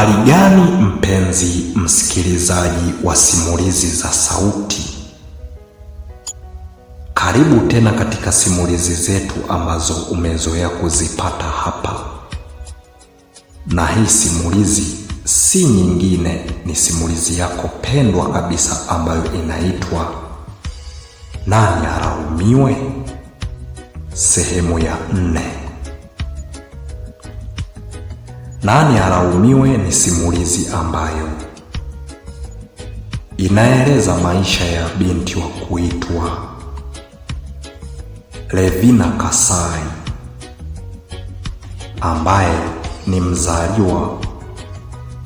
habari gani mpenzi msikilizaji wa simulizi za sauti? Karibu tena katika simulizi zetu ambazo umezoea kuzipata hapa, na hii simulizi si nyingine, ni simulizi yako pendwa kabisa ambayo inaitwa Nani Alaumiwe, sehemu ya nne. Nani alaumiwe ni simulizi ambayo inaeleza maisha ya binti wa kuitwa Levina Kasai ambaye ni mzaliwa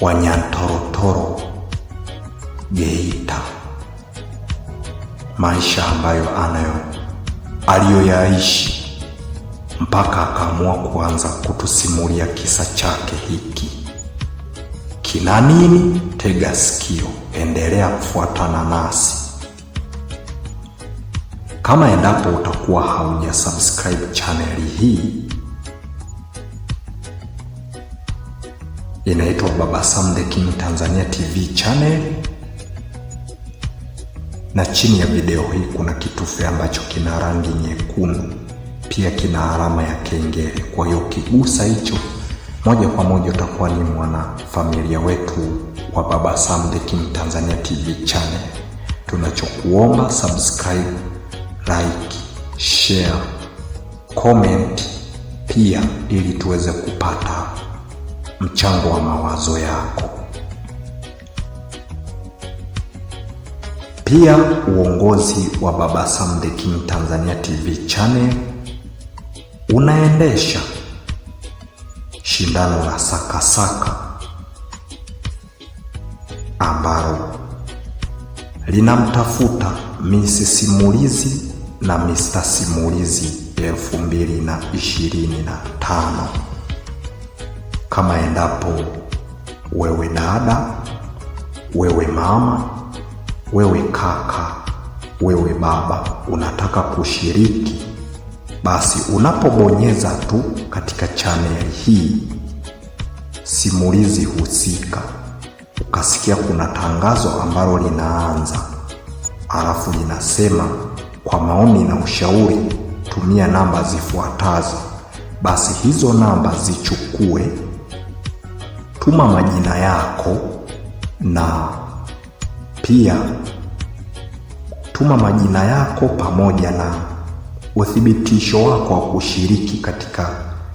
wa Nyantorotoro, Geita, maisha ambayo anayo aliyoyaishi mpaka akaamua kuanza kutusimulia kisa chake hiki. Kina nini? Tega sikio, endelea kufuatana nasi. Kama endapo utakuwa hauja subscribe chaneli hii, inaitwa Baba Sam the King Tanzania TV channel, na chini ya video hii kuna kitufe ambacho kina rangi nyekundu pia kina alama ya kengele. Kwa hiyo ukigusa hicho moja kwa moja utakuwa ni mwanafamilia wetu wa Baba Sam The King Tanzania TV channel. Tunachokuomba subscribe, like, share, comment pia ili tuweze kupata mchango wa mawazo yako. Pia uongozi wa Baba Sam The King Tanzania TV channel unaendesha shindano la sakasaka ambalo linamtafuta Miss Simulizi na Mr. Simulizi elfu mbili na ishirini na tano. Kama endapo wewe dada, wewe mama, wewe kaka, wewe baba unataka kushiriki basi unapobonyeza tu katika chaneli hii simulizi husika, ukasikia kuna tangazo ambalo linaanza, alafu linasema kwa maoni na ushauri tumia namba zifuatazo, basi hizo namba zichukue, tuma majina yako na pia tuma majina yako pamoja na uthibitisho wako wa kushiriki katika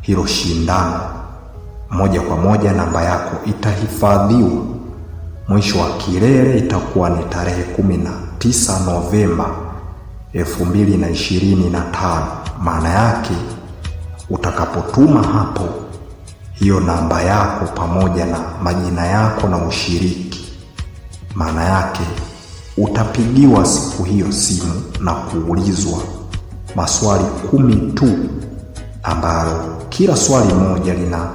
hilo shindano moja kwa moja, namba yako itahifadhiwa. Mwisho wa kilele itakuwa ni tarehe 19 Novemba 2025. Maana yake utakapotuma hapo hiyo namba yako pamoja na majina yako na ushiriki, maana yake utapigiwa siku hiyo simu na kuulizwa maswali kumi tu ambalo kila swali moja lina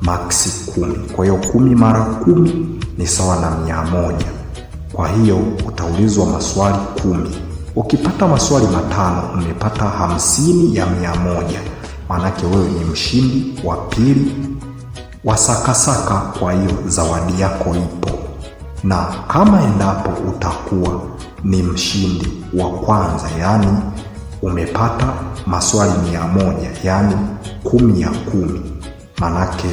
maksi kumi. Kwa hiyo kumi mara kumi ni sawa na mia moja. Kwa hiyo utaulizwa maswali kumi. Ukipata maswali matano umepata hamsini ya mia moja, maanake wewe ni mshindi wa pili wa sakasaka. Kwa hiyo zawadi yako ipo, na kama endapo utakuwa ni mshindi wa kwanza, yaani umepata maswali mia moja yaani kumi ya kumi, manake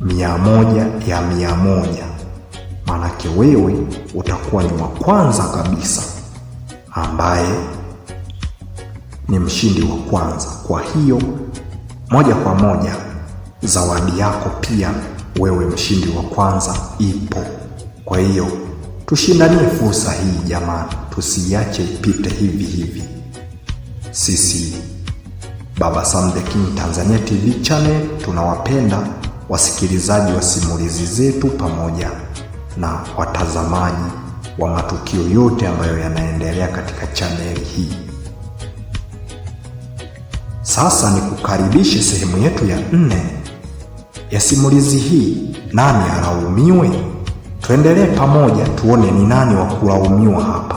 mia moja ya mia moja, manake wewe utakuwa ni wa kwanza kabisa ambaye ni mshindi wa kwanza. Kwa hiyo moja kwa moja zawadi yako pia wewe mshindi wa kwanza ipo. Kwa hiyo tushindanie fursa hii jamani, tusiache ipite hivi hivi. Sisi Baba Sam the King Tanzania TV channel tunawapenda wasikilizaji wa simulizi zetu pamoja na watazamaji wa matukio yote ambayo yanaendelea katika chaneli hii. Sasa ni kukaribishe sehemu yetu ya nne ya simulizi hii, nani alaumiwe? Tuendelee pamoja tuone ni nani wa kulaumiwa hapa.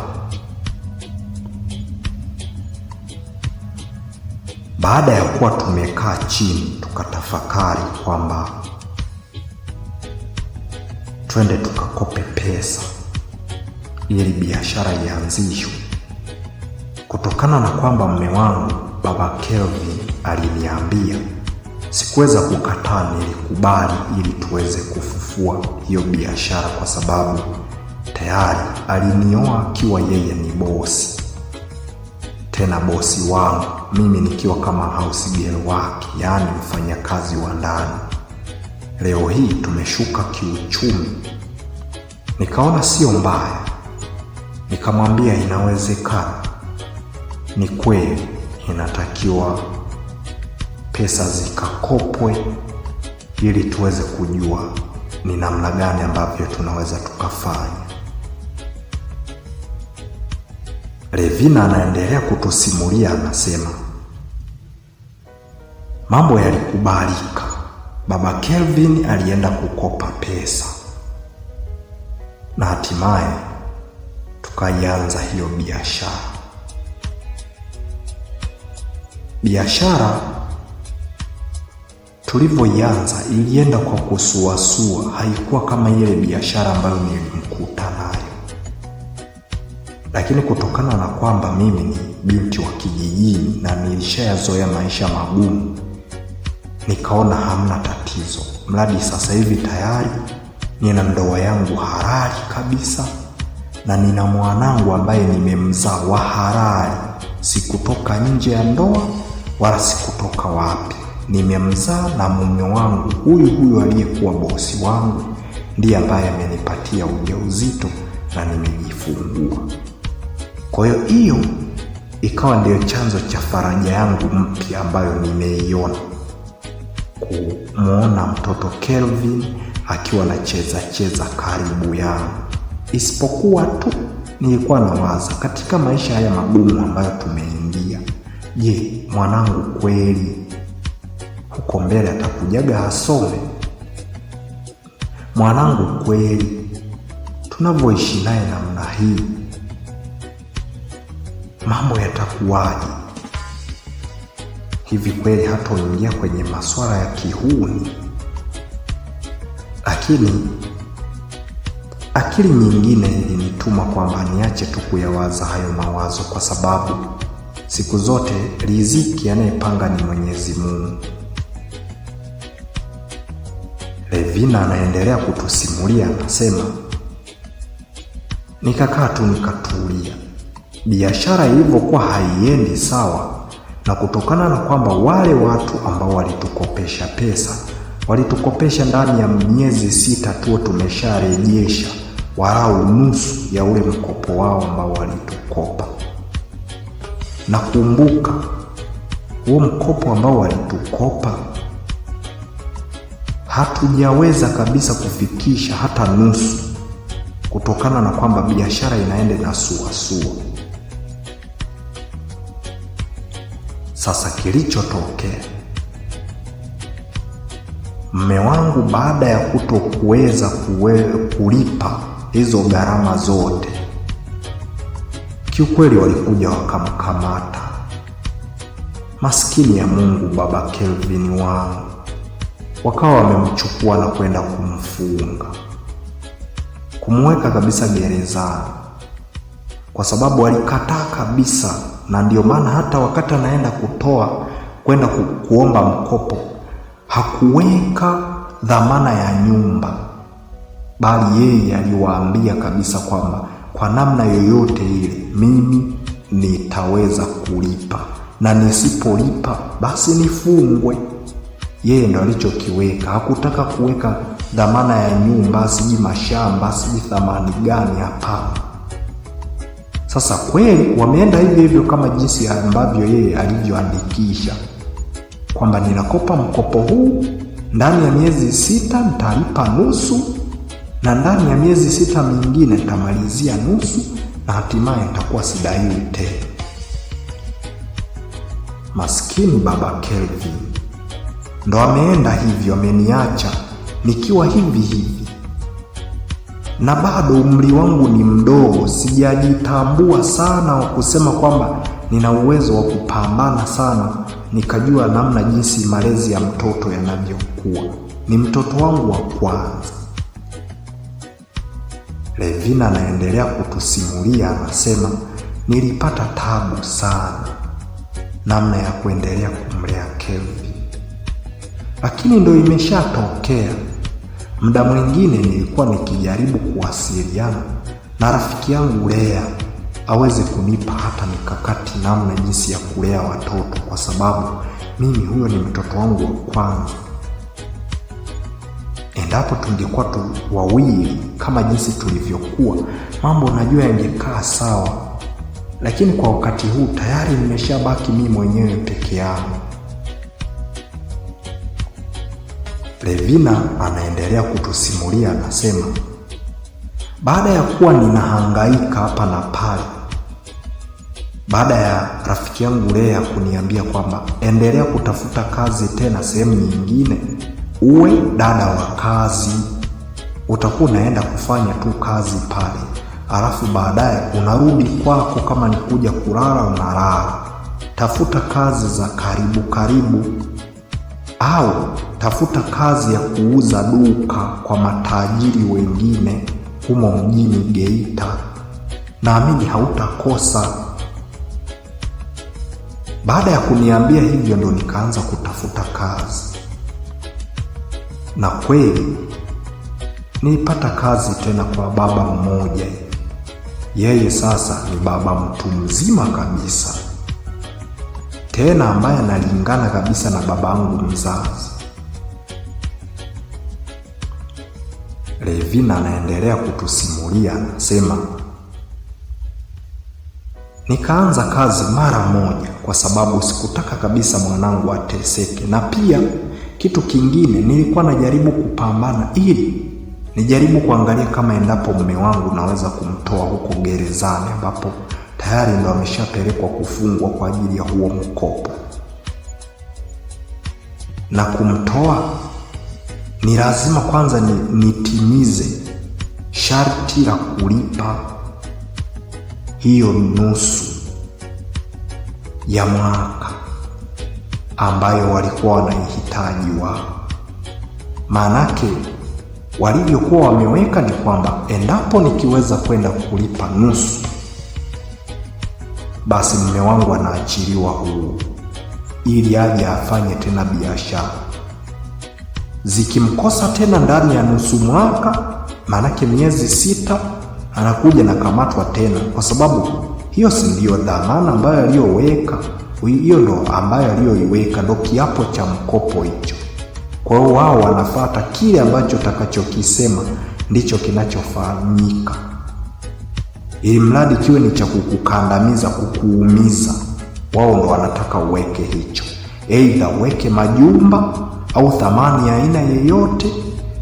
Baada ya kuwa tumekaa chini, tukatafakari kwamba twende tukakope pesa ili biashara ianzishwe, kutokana na kwamba mme wangu baba Kelvin aliniambia sikuweza kukataa, nilikubali ili tuweze kufufua hiyo biashara, kwa sababu tayari alinioa akiwa yeye ni bosi, tena bosi wangu mimi nikiwa kama house girl wake, yaani mfanyakazi wa ndani. Leo hii tumeshuka kiuchumi, nikaona sio mbaya, nikamwambia inawezekana. Ni kweli inatakiwa pesa zikakopwe ili tuweze kujua ni namna gani ambavyo tunaweza tukafanya. Revina anaendelea kutusimulia, anasema mambo yalikubalika. Baba Kelvin alienda kukopa pesa na hatimaye tukaianza hiyo biashara. Biashara tulivyoianza ilienda kwa kusuasua, haikuwa kama ile biashara ambayo nilimkuta nayo lakini kutokana na kwamba mimi ni binti wa kijijini na nilishayazoea maisha magumu, nikaona hamna tatizo, mradi sasa hivi tayari nina ndoa yangu halali kabisa na nina mwanangu ambaye nimemzaa wa halali. Sikutoka nje ya ndoa wala sikutoka wapi, nimemzaa na mume wangu huyu huyu aliyekuwa bosi wangu ndiye ambaye amenipatia ujauzito na nimejifungua. Kwa hiyo hiyo ikawa ndio chanzo cha faraja yangu mpya ambayo nimeiona, kumwona mtoto Kelvin akiwa anacheza cheza karibu yangu. Isipokuwa tu nilikuwa nawaza katika maisha haya magumu ambayo tumeingia, je, mwanangu kweli huko mbele atakujaga asome? Mwanangu kweli tunavyoishi naye namna hii mambo yatakuwaje? Hivi kweli hatoingia kwenye masuala ya kihuni? Lakini akili nyingine ilinituma kwamba niache tu kuyawaza hayo mawazo, kwa sababu siku zote riziki anayepanga ni Mwenyezi Mungu. Levina anaendelea kutusimulia, anasema nikakaa tu nikatulia biashara ilivyokuwa haiendi sawa, na kutokana na kwamba wale watu ambao walitukopesha pesa walitukopesha ndani ya miezi sita tu tumesharejesha walau nusu ya ule mkopo wao ambao walitukopa. Na kumbuka huo mkopo ambao walitukopa hatujaweza kabisa kufikisha hata nusu, kutokana na kwamba biashara inaenda na suasua. Sasa kilichotokea, mme wangu baada ya kutokuweza kulipa hizo gharama zote, kiukweli walikuja wakamkamata. Maskini ya Mungu, baba Kelvin wangu, wakawa wamemchukua na kwenda kumfunga, kumuweka kabisa gerezani, kwa sababu alikataa kabisa na ndio maana hata wakati anaenda kutoa kwenda ku, kuomba mkopo hakuweka dhamana ya nyumba, bali yeye aliwaambia kabisa kwamba kwa namna yoyote ile mimi nitaweza kulipa na nisipolipa basi nifungwe. Yeye ndo alichokiweka, hakutaka kuweka dhamana ya nyumba, sijui mashamba, sijui thamani gani. Hapana. Sasa kweli wameenda hivyo hivyo kama jinsi ambavyo yeye alivyoandikisha kwamba ninakopa mkopo huu, ndani ya miezi sita nitalipa nusu, na ndani ya miezi sita mingine nitamalizia nusu, na hatimaye nitakuwa sidaiwi tena. Maskini baba Kelvin ndo ameenda hivyo, ameniacha nikiwa hivi hivi na bado umri wangu ni mdogo, sijajitambua sana wa kusema kwamba nina uwezo wa kupambana sana nikajua namna jinsi malezi ya mtoto yanavyokuwa. Ni mtoto wangu wa kwanza. Levina anaendelea kutusimulia, anasema nilipata tabu sana namna ya kuendelea kumlea Kevin, lakini ndo imeshatokea Muda mwingine nilikuwa nikijaribu kuwasiliana na rafiki yangu Lea aweze kunipa hata mikakati namna jinsi ya kulea watoto, kwa sababu mimi huyo ni mtoto wangu wa kwanza. Endapo tungekuwa tu wawili kama jinsi tulivyokuwa, mambo najua yangekaa sawa, lakini kwa wakati huu tayari nimeshabaki mimi mwenyewe peke yangu. Levina anaendelea kutusimulia anasema, baada ya kuwa ninahangaika hapa na pale, baada ya rafiki yangu Lea kuniambia kwamba endelea kutafuta kazi tena sehemu nyingine, uwe dada wa kazi, utakuwa unaenda kufanya tu kazi pale, alafu baadaye unarudi kwako, kama ni kuja kulala unalala. Tafuta kazi za karibu karibu au tafuta kazi ya kuuza duka kwa matajiri wengine humo mjini Geita, naamini hautakosa. Baada ya kuniambia hivyo, ndo nikaanza kutafuta kazi, na kweli nilipata kazi tena kwa baba mmoja. Yeye sasa ni baba mtu mzima kabisa, tena ambaye analingana kabisa na babangu mzazi. Levina anaendelea kutusimulia, anasema nikaanza kazi mara moja, kwa sababu sikutaka kabisa mwanangu ateseke, na pia kitu kingine nilikuwa najaribu kupambana ili nijaribu kuangalia kama endapo mume wangu naweza kumtoa huko gerezani ambapo tayari ndo ameshapelekwa kufungwa kwa ajili ya huo mkopo na kumtoa ni lazima kwanza ni, nitimize sharti la kulipa hiyo nusu ya mwaka ambayo walikuwa wanaihitaji wao. Maanake walivyokuwa wameweka ni kwamba endapo nikiweza kwenda kulipa nusu, basi mume wangu anaachiliwa huu ili aje afanye tena biashara zikimkosa tena ndani ya nusu mwaka, maanake miezi sita, anakuja na kamatwa tena, kwa sababu hiyo si ndio dhamana ambayo aliyoweka? Hiyo ndo ambayo aliyoiweka, ndo kiapo cha mkopo hicho. Kwa hiyo wao wanafata kile ambacho takachokisema ndicho kinachofanyika, ili mradi kiwe ni cha kukukandamiza, kukuumiza. Wao ndo wanataka uweke hicho, aidha uweke majumba au thamani ya aina yoyote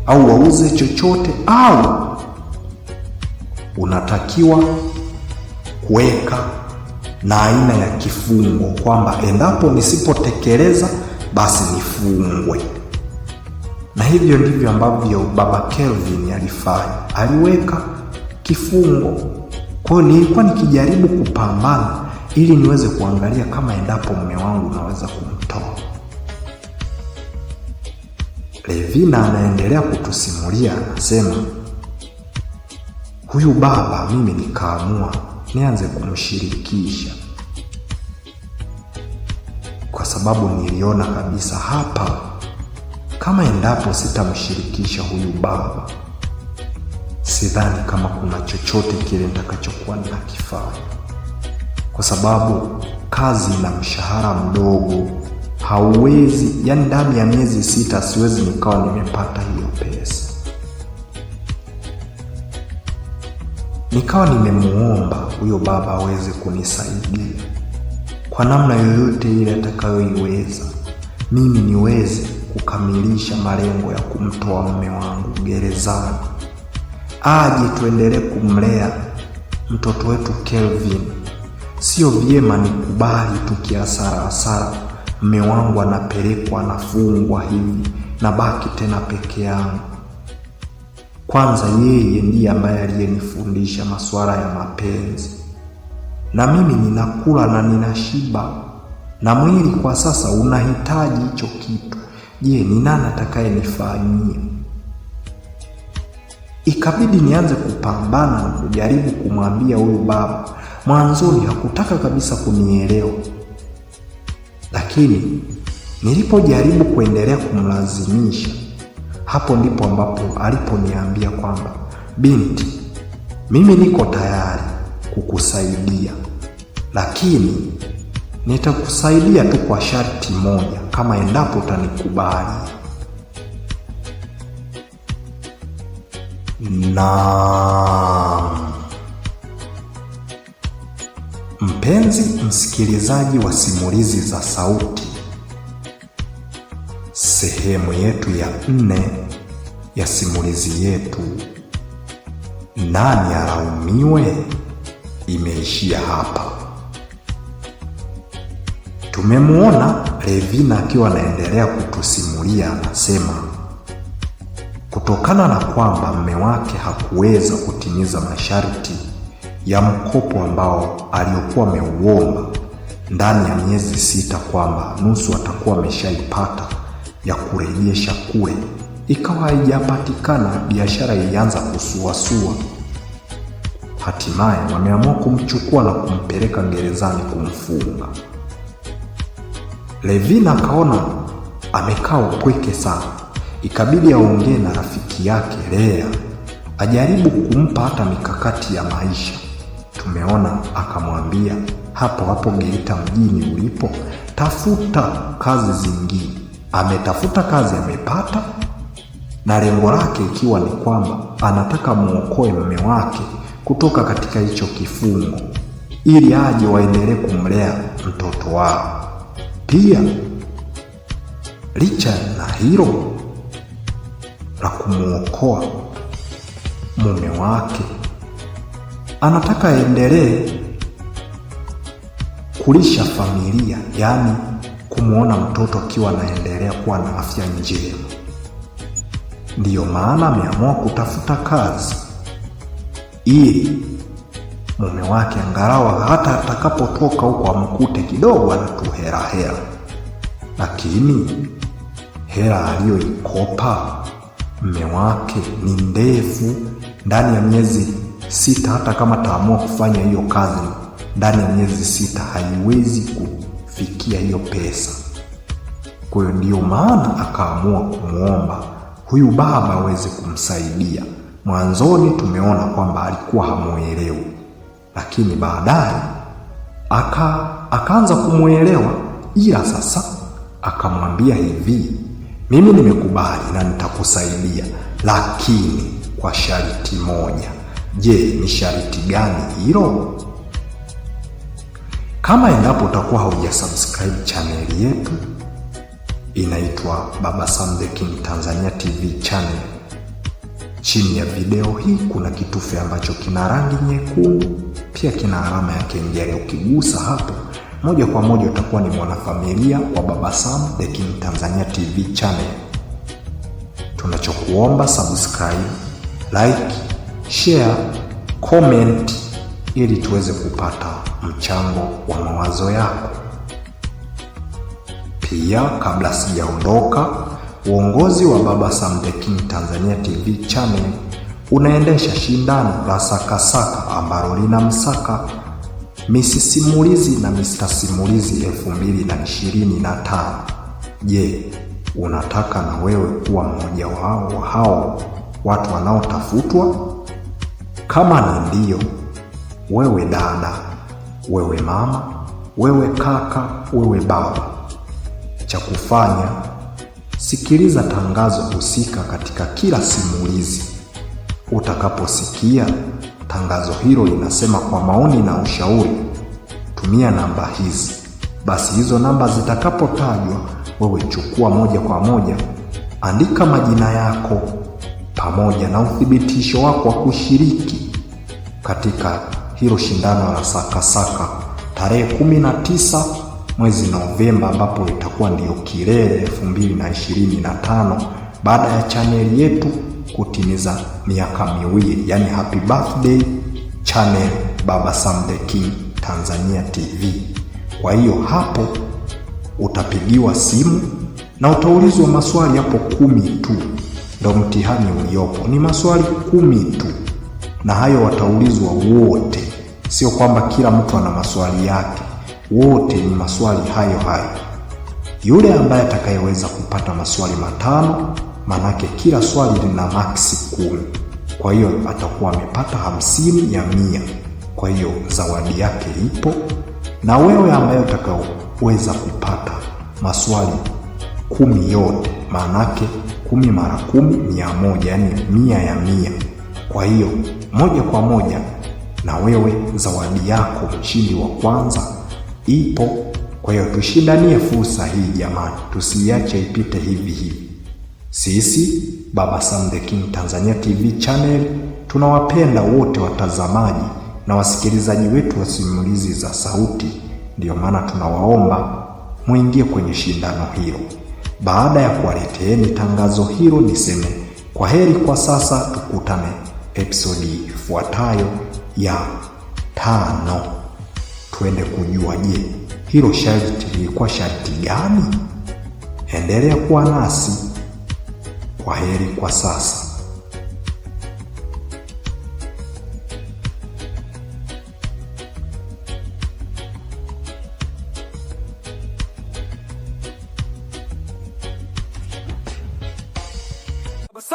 au wauze chochote, au unatakiwa kuweka na aina ya kifungo kwamba endapo nisipotekeleza basi nifungwe. Na hivyo ndivyo ambavyo Baba Kelvin alifanya, aliweka kifungo. Kwa hiyo nilikuwa nikijaribu kupambana ili niweze kuangalia kama endapo mume wangu naweza kum Levina anaendelea kutusimulia, anasema huyu baba, mimi nikaamua nianze kumshirikisha kwa sababu niliona kabisa hapa, kama endapo sitamshirikisha huyu baba, sidhani kama kuna chochote kile nitakachokuwa nakifanya, kwa sababu kazi na mshahara mdogo hauwezi, yani ndani ya miezi sita siwezi nikawa nimepata hiyo pesa. Nikawa nimemuomba huyo baba aweze kunisaidia kwa namna yoyote ile atakayoiweza, mimi niweze kukamilisha malengo ya kumtoa mume wangu gerezani, aje tuendelee kumlea mtoto wetu Kelvin. Sio vyema nikubali tu kiasara asara Mme wangu anapelekwa, anafungwa hivi, nabaki tena peke yangu. Kwanza yeye ndiye ambaye aliyenifundisha masuala ya mapenzi, na mimi ninakula na ninashiba, na mwili kwa sasa unahitaji hicho kitu. Je, ni nani atakayenifanyia? Ikabidi nianze kupambana na kujaribu kumwambia huyu baba. Mwanzoni hakutaka kabisa kunielewa lakini nilipojaribu kuendelea kumlazimisha, hapo ndipo ambapo aliponiambia kwamba, binti, mimi niko tayari kukusaidia, lakini nitakusaidia tu kwa sharti moja, kama endapo utanikubali. Naam. Mpenzi msikilizaji wa simulizi za sauti, sehemu yetu ya nne ya simulizi yetu nani alaumiwe imeishia hapa. Tumemwona Levina akiwa anaendelea kutusimulia, anasema kutokana na kwamba mume wake hakuweza kutimiza masharti ya mkopo ambao aliokuwa ameuomba ndani ya miezi sita, kwamba nusu atakuwa ameshaipata ya kurejesha kule, ikawa haijapatikana, biashara ilianza kusuasua. Hatimaye wameamua kumchukua na kumpeleka gerezani kumfunga. Levina akaona amekaa upweke sana, ikabidi aongee na rafiki yake Lea ajaribu kumpa hata mikakati ya maisha. Umeona? Akamwambia, hapo hapo Geita mjini ulipo, tafuta kazi zingine. Ametafuta kazi, amepata, na lengo lake ikiwa ni kwamba anataka muokoe mume wake kutoka katika hicho kifungo, ili aje waendelee kumlea mtoto wao. Pia licha na hilo la kumuokoa mume wake anataka aendelee kulisha familia, yaani kumwona mtoto akiwa anaendelea kuwa na afya njema. Ndiyo maana ameamua kutafuta kazi ili mume wake angalau hata atakapotoka huko amkute kidogo hela, lakini hela aliyoikopa mume wake ni ndefu. Ndani ya miezi sita. Hata kama taamua kufanya hiyo kazi ndani ya miezi sita, haiwezi kufikia hiyo pesa. Kwa hiyo ndiyo maana akaamua kumwomba huyu baba aweze kumsaidia. Mwanzoni tumeona kwamba alikuwa hamwelewi, lakini baadaye aka akaanza kumwelewa, ila sasa akamwambia hivi, mimi nimekubali na nitakusaidia, lakini kwa sharti moja. Je, ni sharti gani hilo? Kama endapo utakuwa hauja subscribe chaneli yetu inaitwa Baba Sam The King Tanzania TV channel. Chini ya video hii kuna kitufe ambacho kina rangi nyekundu, pia kina alama ya kengele. Ukigusa hapo moja kwa moja utakuwa ni mwanafamilia wa Baba Sam The King Tanzania TV channel. Tunachokuomba subscribe, like share, comment ili tuweze kupata mchango wa mawazo yako. Pia kabla sijaondoka, uongozi wa Baba Sam the King Tanzania TV channel unaendesha shindano la sakasaka ambalo msaka Miss Simulizi na Mr. Simulizi 2025. Je, unataka na wewe kuwa mmoja wao hao watu wanaotafutwa? Kama ni ndio, wewe dada, wewe mama, wewe kaka, wewe baba, cha kufanya sikiliza tangazo husika katika kila simulizi. Utakaposikia tangazo hilo linasema kwa maoni na ushauri, tumia namba hizi. Basi hizo namba zitakapotajwa, wewe chukua moja kwa moja, andika majina yako pamoja na uthibitisho wako wa kushiriki katika hilo shindano la sakasaka tarehe 19 mwezi Novemba, ambapo itakuwa ndiyo kilele 2025 baada ya chaneli yetu kutimiza miaka miwili, yani happy birthday channel Baba Sam the King Tanzania TV. Kwa hiyo hapo utapigiwa simu na utaulizwa maswali hapo kumi tu ndo mtihani uliopo. Ni maswali kumi tu, na hayo wataulizwa wote, sio kwamba kila mtu ana maswali yake. Wote ni maswali hayo hayo. Yule ambaye atakayeweza kupata maswali matano, manake kila swali lina maksi kumi, kwa hiyo atakuwa amepata hamsini ya mia. Kwa hiyo zawadi yake ipo, na wewe ambaye utakaoweza kupata maswali kumi yote, manake kumi mara kumi mia moja, yani mia ya mia. Kwa hiyo moja kwa moja na wewe zawadi yako, mshindi wa kwanza ipo. Kwa hiyo tushindanie fursa hii jamani, tusiiache ipite hivi hivi. Sisi Baba Sam the King Tanzania TV channel tunawapenda wote watazamaji na wasikilizaji wetu wa simulizi za sauti, ndiyo maana tunawaomba muingie kwenye shindano hilo. Baada ya kuwaleteeni tangazo hilo, niseme kwa heri kwa sasa, tukutane episodi ifuatayo ya tano, tuende kujua, je, hilo sharti lilikuwa sharti gani? Endelea kuwa nasi. Kwa heri kwa sasa.